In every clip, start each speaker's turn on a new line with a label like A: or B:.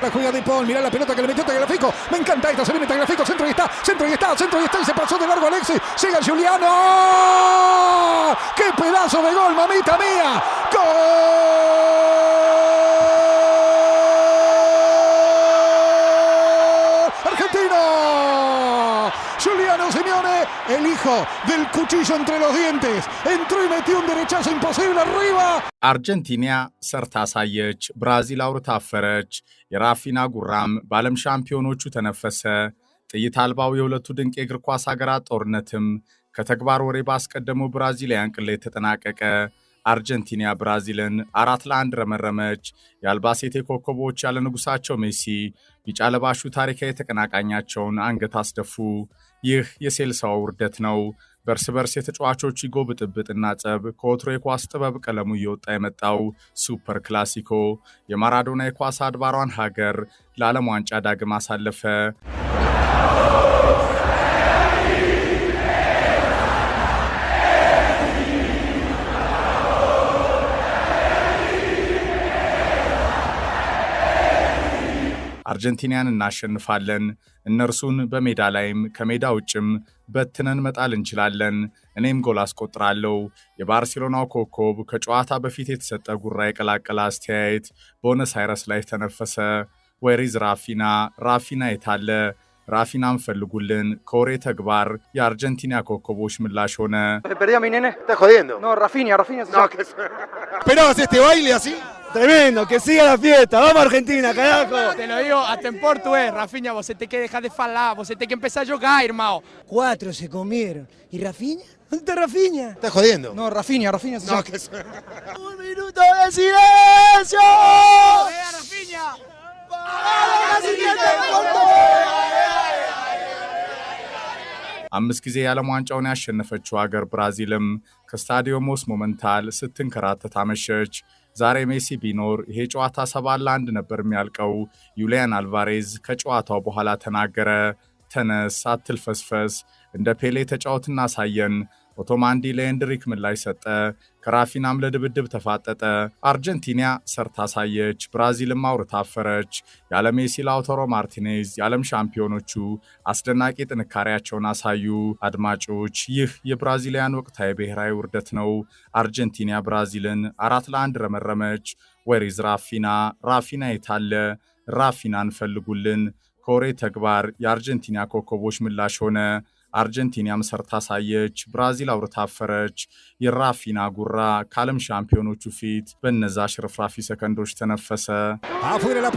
A: La juega De Paul, mirá la pelota que le metió Tagliafico. Me encanta esta, se viene Tagliafico, centro y está, centro y está, centro y está y se pasó de largo Alexis. Llega Juliano. ¡Qué pedazo de gol, mamita mía! ¡Gol! ¡Argentina! Diego Simeone, el hijo del cuchillo entre los dientes, entró y metió un derechazo imposible arriba.
B: አርጀንቲና ሰርታ አሳየች። ብራዚል አውርታ አፈረች። የራፊና ጉራም በዓለም ሻምፒዮኖቹ ተነፈሰ። ጥይት አልባው የሁለቱ ድንቅ የእግር ኳስ ሀገራት ጦርነትም ከተግባር ወሬ ባስቀደመው ብራዚላውያን ቅሌት ተጠናቀቀ። አርጀንቲና ብራዚልን አራት ለአንድ ረመረመች። የአልባሴቴ ኮከቦች ያለ ንጉሳቸው ሜሲ ቢጫ ለባሹ ታሪካዊ ተቀናቃኛቸውን አንገት አስደፉ። ይህ የሴልሳው ውርደት ነው። በእርስ በርስ የተጫዋቾች ኢጎ ብጥብጥና ጸብ ከወትሮ የኳስ ጥበብ ቀለሙ እየወጣ የመጣው ሱፐር ክላሲኮ የማራዶና የኳስ አድባሯን ሀገር ለዓለም ዋንጫ ዳግም አሳለፈ። አርጀንቲናን እናሸንፋለን። እነርሱን በሜዳ ላይም ከሜዳ ውጭም በትነን መጣል እንችላለን። እኔም ጎል አስቆጥራለሁ። የባርሴሎናው ኮከብ ከጨዋታ በፊት የተሰጠ ጉራ የቀላቀለ አስተያየት ቦነስ አይረስ ላይ ተነፈሰ። ወሪዝ ራፊና ራፊና የታለ? ራፊናም ፈልጉልን። ከወሬ ተግባር የአርጀንቲና ኮከቦች ምላሽ ሆነ።
C: Tremendo, que siga la fiesta. Vamos Argentina, carajo.
D: Te lo digo, hasta en portugués, Rafinha, vos tem que dejar de falar, vos tem que empezar a jogar, hermano.
E: Cuatro se comieron. ¿Y Rafinha? ¿Dónde está Rafinha?
C: ¿Estás jodiendo?
D: No, Rafinha, Rafinha. Se
C: no, que es... ¡Un
F: minuto de silencio! ¡Vaya, Rafinha!
B: አምስት ጊዜ የዓለም ዋንጫውን ያሸነፈችው አገር ብራዚልም ከስታዲየም ውስጥ ሞመንታል ስትንከራተት አመሸች። ዛሬ ሜሲ ቢኖር ይሄ ጨዋታ ሰባት ለአንድ ነበር የሚያልቀው። ዩሊያን አልቫሬዝ ከጨዋታው በኋላ ተናገረ። ተነስ፣ አትልፈስፈስ፣ እንደ ፔሌ ተጫወት፣ እናሳየን ኦቶማንዲ ለሄንድሪክ ምላሽ ሰጠ። ከራፊናም ለድብድብ ተፋጠጠ። አርጀንቲና ሰርታ አሳየች። ብራዚልም አውርታ አፈረች። የዓለም ሜሲ፣ ላውታሮ ማርቲኔዝ የዓለም ሻምፒዮኖቹ አስደናቂ ጥንካሬያቸውን አሳዩ። አድማጮች፣ ይህ የብራዚሊያን ወቅታዊ ብሔራዊ ውርደት ነው። አርጀንቲና ብራዚልን አራት ለአንድ ረመረመች። ወሪዝ ራፊና ራፊና የታለ ራፊናን ፈልጉልን። ኮሬ ተግባር የአርጀንቲና ኮከቦች ምላሽ ሆነ። አርጀንቲናም ሰርታ ሳየች፣ ብራዚል አውርታ አፈረች። የራፊና ጉራ ከዓለም ሻምፒዮኖቹ ፊት በነዛ ሽርፍራፊ ሰከንዶች ተነፈሰ። አርጀንቲና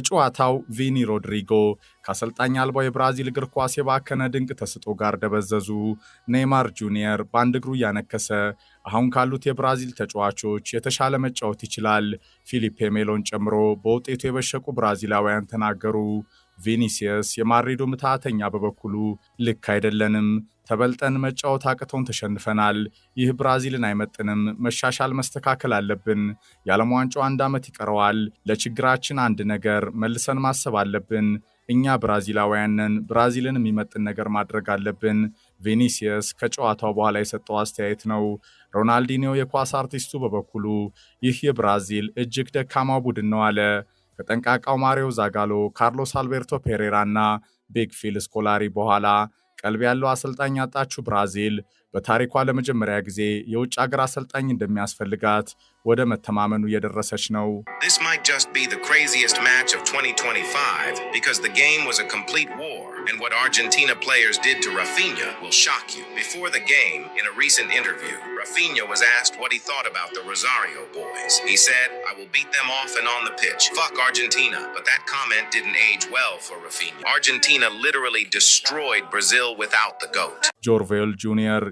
B: በጨዋታው ቪኒ ሮድሪጎ ከአሰልጣኝ አልባው የብራዚል እግር ኳስ የባከነ ድንቅ ተስጦ ጋር ደበዘዙ። ኔይማር ጁኒየር በአንድ እግሩ እያነከሰ አሁን ካሉት የብራዚል ተጫዋቾች የተሻለ መጫወት ይችላል፣ ፊሊፔ ሜሎን ጨምሮ በውጤቱ የበሸቁ ብራዚላውያን ተናገሩ። ቪኒሲየስ የማድሪዱ ምታተኛ በበኩሉ ልክ አይደለንም፣ ተበልጠን መጫወት አቅቶን ተሸንፈናል። ይህ ብራዚልን አይመጥንም። መሻሻል፣ መስተካከል አለብን። የዓለም ዋንጫው አንድ ዓመት ይቀረዋል። ለችግራችን አንድ ነገር መልሰን ማሰብ አለብን። እኛ ብራዚላውያን ነን። ብራዚልን የሚመጥን ነገር ማድረግ አለብን። ቬኒሲየስ ከጨዋታው በኋላ የሰጠው አስተያየት ነው። ሮናልዲኒዮ የኳስ አርቲስቱ በበኩሉ ይህ የብራዚል እጅግ ደካማው ቡድን ነው አለ። ከጠንቃቃው ማሪዮ ዛጋሎ፣ ካርሎስ አልቤርቶ ፔሬራ እና ፊል ስኮላሪ በኋላ ቀልብ ያለው አሰልጣኝ ያጣችው ብራዚል በታሪኳ ለመጀመሪያ ጊዜ የውጭ አገር አሰልጣኝ እንደሚያስፈልጋት ወደ መተማመኑ እየደረሰች ነው። This might just be the craziest match of 2025 because the game was a complete war. and what Argentina players did to Rafinha will shock you. Before the game, in a recent interview, Rafinha was asked what he thought about the Rosario boys. He said, I will beat them off and on the pitch. Fuck Argentina. But that comment didn't age well for Rafinha. Argentina literally destroyed Brazil without the GOAT. ጆርቬል ጁኒየር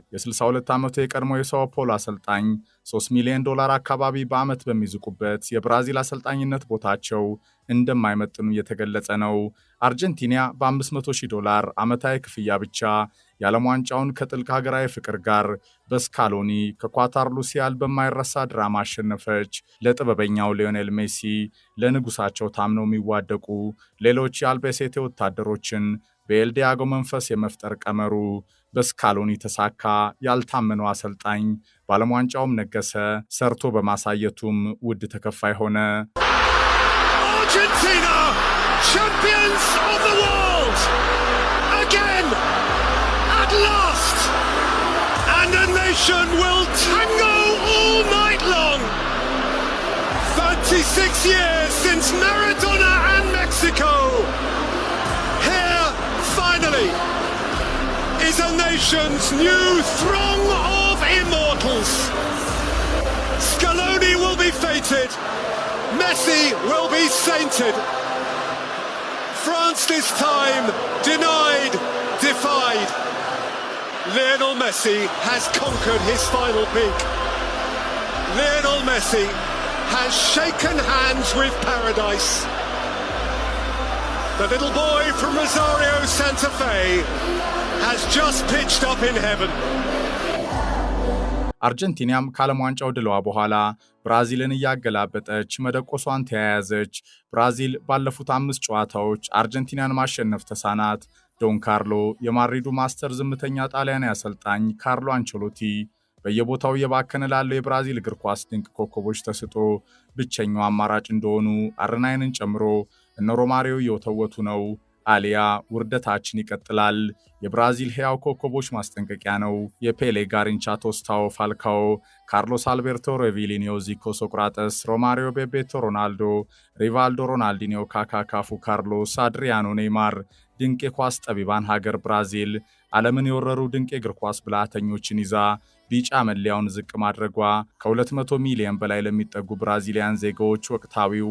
B: 3 ሚሊዮን ዶላር አካባቢ በዓመት በሚዝቁበት የብራዚል አሰልጣኝነት ቦታቸው እንደማይመጥኑ እየተገለጸ ነው። አርጀንቲና በ500 ሺህ ዶላር ዓመታዊ ክፍያ ብቻ የዓለም ዋንጫውን ከጥልቅ ሀገራዊ ፍቅር ጋር በስካሎኒ ከኳታር ሉሲያል በማይረሳ ድራማ አሸነፈች። ለጥበበኛው ሊዮኔል ሜሲ ለንጉሳቸው ታምነው የሚዋደቁ ሌሎች የአልቤሴቴ ወታደሮችን በኤልዲያጎ መንፈስ የመፍጠር ቀመሩ በስካሎኒ ተሳካ። ያልታመነው አሰልጣኝ በዓለም ዋንጫውም ነገሰ። ሰርቶ በማሳየቱም ውድ ተከፋይ ሆነ። አርጀንቲና ቻምፒየንስ ኦፍ ዘ ወርልድ አጌን አት ላስት አንድ ኔሽን ዊል ታንጎ ኦል ናይት ሎንግ 36 Germany is a nation's new throng of immortals. Scaloni will be fated, Messi will be sainted. France this time denied, defied. Lionel Messi has conquered his final peak. Lionel Messi has shaken hands with paradise. The little boy from Rosario Santa Fe has just pitched up in heaven. አርጀንቲናም ከዓለም ዋንጫው ድሏ በኋላ ብራዚልን እያገላበጠች መደቆሷን ተያያዘች። ብራዚል ባለፉት አምስት ጨዋታዎች አርጀንቲናን ማሸነፍ ተሳናት። ዶን ካርሎ የማድሪዱ ማስተር ዝምተኛ ጣሊያን አሰልጣኝ ካርሎ አንቸሎቲ በየቦታው እየባከነ ላለው የብራዚል እግር ኳስ ድንቅ ኮከቦች ተስጦ ብቸኛው አማራጭ እንደሆኑ አርናይንን ጨምሮ እነ ሮማሪው እየወተወቱ ነው፣ አሊያ ውርደታችን ይቀጥላል። የብራዚል ሕያው ኮከቦች ማስጠንቀቂያ ነው። የፔሌ፣ ጋሪንቻ፣ ቶስታው፣ ፋልካዎ፣ ካርሎስ አልቤርቶ፣ ሬቪሊኒዮ፣ ዚኮ፣ ሶቅራጠስ፣ ሮማሪዮ፣ ቤቤቶ፣ ሮናልዶ፣ ሪቫልዶ፣ ሮናልዲኒዮ፣ ካካ፣ ካፉ፣ ካርሎስ፣ አድሪያኖ፣ ኔይማር ድንቅ የኳስ ጠቢባን ሀገር ብራዚል ዓለምን የወረሩ ድንቅ የእግር ኳስ ብልሃተኞችን ይዛ ቢጫ መለያውን ዝቅ ማድረጓ ከ200 ሚሊዮን በላይ ለሚጠጉ ብራዚሊያን ዜጋዎች ወቅታዊው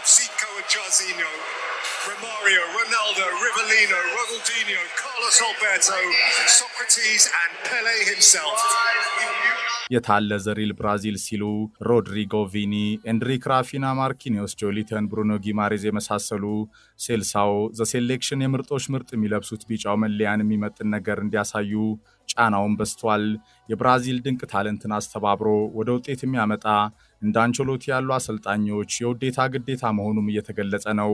B: of Zico and Jarzinho, Romario, Ronaldo, Rivellino, Ronaldinho, Carlos Alberto, Socrates and Pele himself. የታለ ዘሪል ብራዚል ሲሉ ሮድሪጎ ቪኒ፣ ኤንድሪክ ራፊና፣ ማርኪኒዮስ፣ ጆሊተን፣ ብሩኖ ጊማሬዝ የመሳሰሉ ሴልሳው ዘሴሌክሽን የምርጦች ምርጥ የሚለብሱት ቢጫው መለያን የሚመጥን ነገር እንዲያሳዩ ጫናውን በስቷል። የብራዚል ድንቅ ታለንትን አስተባብሮ ወደ ውጤት የሚያመጣ እንደ አንቸሎቲ ያሉ አሰልጣኞች የውዴታ ግዴታ መሆኑም እየተገለጸ ነው።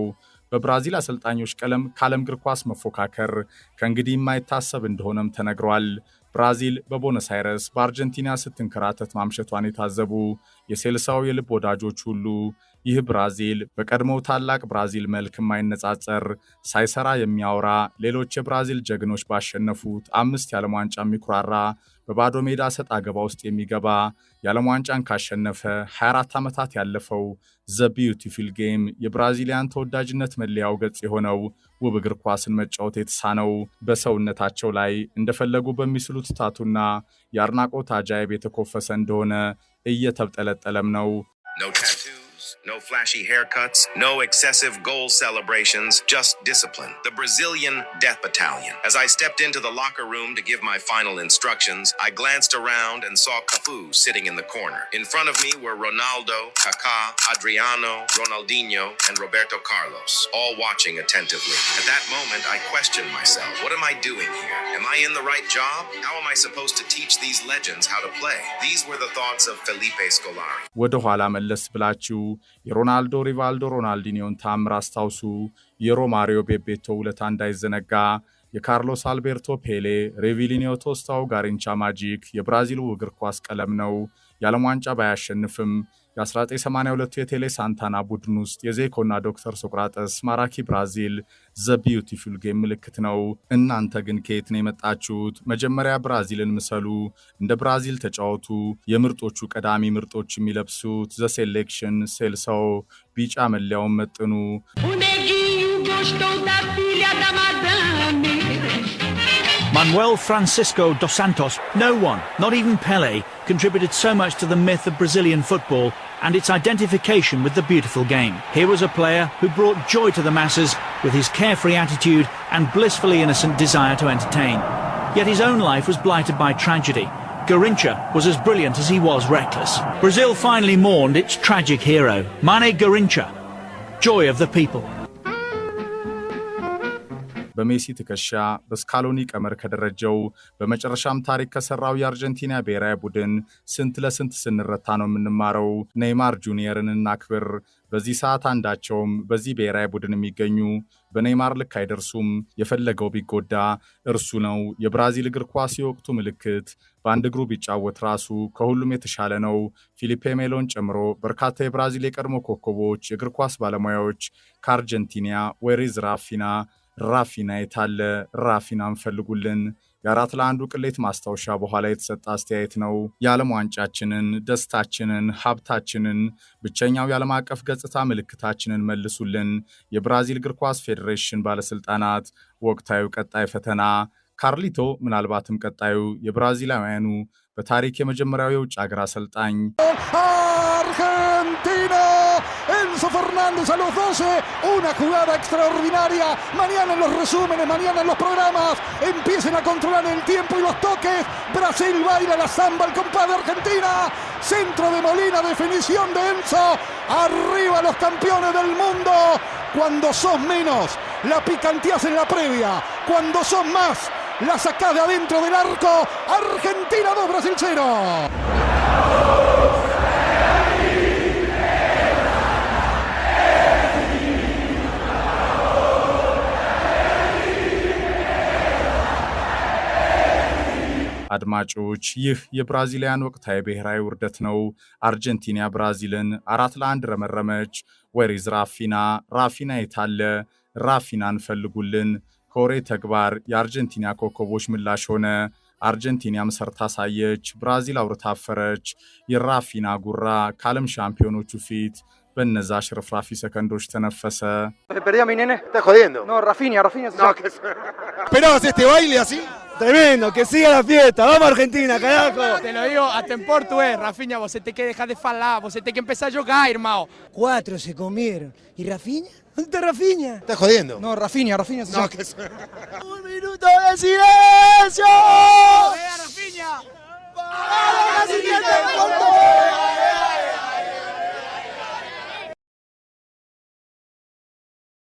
B: በብራዚል አሰልጣኞች ቀለም ከዓለም እግር ኳስ መፎካከር ከእንግዲህ የማይታሰብ እንደሆነም ተነግሯል። ብራዚል በቦነስ አይረስ በአርጀንቲና ስትንከራተት ማምሸቷን የታዘቡ የሴልሳው የልብ ወዳጆች ሁሉ ይህ ብራዚል በቀድሞው ታላቅ ብራዚል መልክ የማይነጻጸር ሳይሰራ የሚያወራ ሌሎች የብራዚል ጀግኖች ባሸነፉት አምስት የዓለም ዋንጫ የሚኩራራ በባዶ ሜዳ ሰጥ አገባ ውስጥ የሚገባ የዓለም ዋንጫን ካሸነፈ 24 ዓመታት ያለፈው ዘ ቢዩቲፊል ጌም የብራዚሊያን ተወዳጅነት መለያው ገጽ የሆነው ውብ እግር ኳስን መጫወት የተሳነው በሰውነታቸው ላይ እንደፈለጉ በሚስሉት ታቱና የአድናቆት አጃይብ የተኮፈሰ እንደሆነ እየተብጠለጠለም ነው። No flashy haircuts, no excessive goal celebrations, just discipline. The Brazilian Death Battalion. As I stepped into the locker room to give my final instructions, I glanced around and saw Cafu sitting in the corner. In front of me were Ronaldo, Kaká, Adriano, Ronaldinho, and Roberto Carlos, all watching attentively. At that moment, I questioned myself. What am I doing here? Am I in the right job? How am I supposed to teach these legends how to play? These were the thoughts of Felipe Scolari. ወደ ኋላ መለስ ብላችሁ የሮናልዶ ሪቫልዶ ሮናልዲኒዮን ታምር አስታውሱ። የሮማሪዮ ቤቤቶ ውለታ እንዳይዘነጋ። የካርሎስ አልቤርቶ ፔሌ፣ ሬቪሊኒዮ ቶስታው ጋሪንቻ ማጂክ የብራዚሉ እግር ኳስ ቀለም ነው። የዓለም ዋንጫ ባያሸንፍም የ1982 የቴሌ ሳንታና ቡድን ውስጥ የዜኮና ዶክተር ሶቅራጠስ ማራኪ ብራዚል ዘ ቢዩቲፉል ጌም ምልክት ነው። እናንተ ግን ከየት ነው የመጣችሁት? መጀመሪያ ብራዚልን ምሰሉ፣ እንደ ብራዚል ተጫወቱ፣ የምርጦቹ ቀዳሚ ምርጦች የሚለብሱት ዘ ሴሌክሽን ሴልሰው ቢጫ መለያውን መጥኑ Manuel Francisco dos Santos, no one, not even Pele, contributed so much to the myth of Brazilian football and its identification with the beautiful game. Here was a player who brought joy to the masses with his carefree attitude and blissfully innocent desire to entertain. Yet his own life was blighted by tragedy. Garincha was as brilliant as he was reckless. Brazil finally mourned its tragic hero, Mane Garincha. Joy of the people. በሜሲ ትከሻ በስካሎኒ ቀመር ከደረጀው በመጨረሻም ታሪክ ከሰራው የአርጀንቲና ብሔራዊ ቡድን ስንት ለስንት ስንረታ ነው የምንማረው። ኔይማር ጁኒየርን እናክብር። በዚህ ሰዓት አንዳቸውም በዚህ ብሔራዊ ቡድን የሚገኙ በኔይማር ልክ አይደርሱም። የፈለገው ቢጎዳ እርሱ ነው። የብራዚል እግር ኳስ የወቅቱ ምልክት በአንድ እግሩ ቢጫወት ራሱ ከሁሉም የተሻለ ነው። ፊሊፔ ሜሎን ጨምሮ በርካታ የብራዚል የቀድሞ ኮከቦች የእግር ኳስ ባለሙያዎች ከአርጀንቲና ዌሪዝ ራፊና ራፊና የታለ ራፊናን ፈልጉልን። የአራት ለአንዱ ቅሌት ማስታወሻ በኋላ የተሰጠ አስተያየት ነው። የዓለም ዋንጫችንን፣ ደስታችንን፣ ሀብታችንን፣ ብቸኛው የዓለም አቀፍ ገጽታ ምልክታችንን መልሱልን። የብራዚል እግር ኳስ ፌዴሬሽን ባለስልጣናት ወቅታዊ ቀጣይ ፈተና ካርሊቶ ምናልባትም ቀጣዩ የብራዚላውያኑ በታሪክ የመጀመሪያው የውጭ አገር አሰልጣኝ
A: አርጀንቲና Enzo Fernández a los 12. Una jugada extraordinaria. Mañana en los resúmenes, mañana en los programas. Empiecen a controlar el tiempo y los toques. Brasil baila la samba al compadre Argentina. Centro de Molina, definición de Enzo. Arriba los campeones del mundo. Cuando sos menos, la picanteas en la previa. Cuando son más, la sacada de adentro del arco. Argentina 2, Brasil 0.
B: አድማጮች ይህ የብራዚሊያን ወቅታዊ ብሔራዊ ውርደት ነው። አርጀንቲና ብራዚልን አራት ለአንድ ረመረመች። ወሪዝ ራፊና ራፊና የታለ ራፊናን ፈልጉልን። ኮሬ ተግባር የአርጀንቲና ኮከቦች ምላሽ ሆነ። አርጀንቲናም ሰርታ ሳየች፣ ብራዚል አውርታ አፈረች። የራፊና ጉራ ከዓለም ሻምፒዮኖቹ ፊት በነዛ ሽርፍራፊ ሰከንዶች ተነፈሰ።
C: Tremendo, que siga la fiesta. Vamos Argentina, carajo.
D: Te lo digo, hasta en portugués, Rafinha, vos te que dejar de falar, vos te que empezar a jugar, hermano.
E: Cuatro se comieron. ¿Y Rafinha? ¿Dónde está Rafinha?
C: Estás jodiendo.
D: No, Rafinha, Rafinha. Se
C: no, que
F: ¡Un minuto de silencio! Rafinha! ¡Vamos,